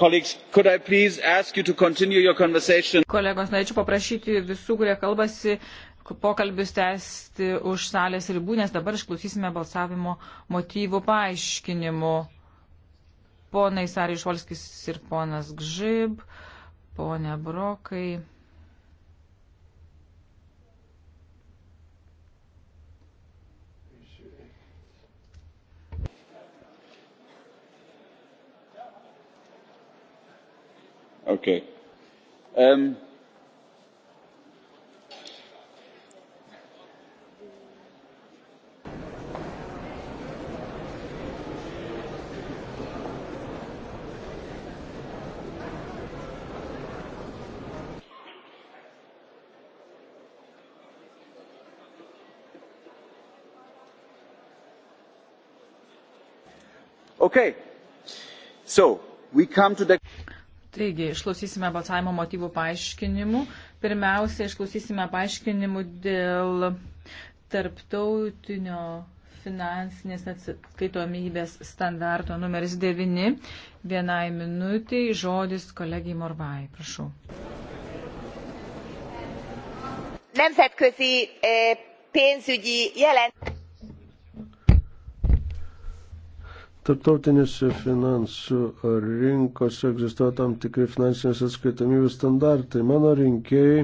Kolegos, norėčiau paprašyti visų, kurie kalbasi, pokalbius tęsti už salės ribų, nes dabar išklausysime balsavimo motyvų paaiškinimų. Ponai Sarišvalskis ir ponas Gžib, ponė Brokai. Okay. Um, okay so we come to the Taigi, išklausysime balsavimo motyvų paaiškinimų. Pirmiausia, išklausysime paaiškinimų dėl tarptautinio finansinės atskaitomybės standarto numeris 9. Vienai minutiai žodis kolegijai Morvai. Prašau. Nemzetközi eh, pénzügyi jelent. Tarptautinės finansų rinkos egzistuoja tam tikri finansinės atskaitomybės standartai. Mano rinkėjai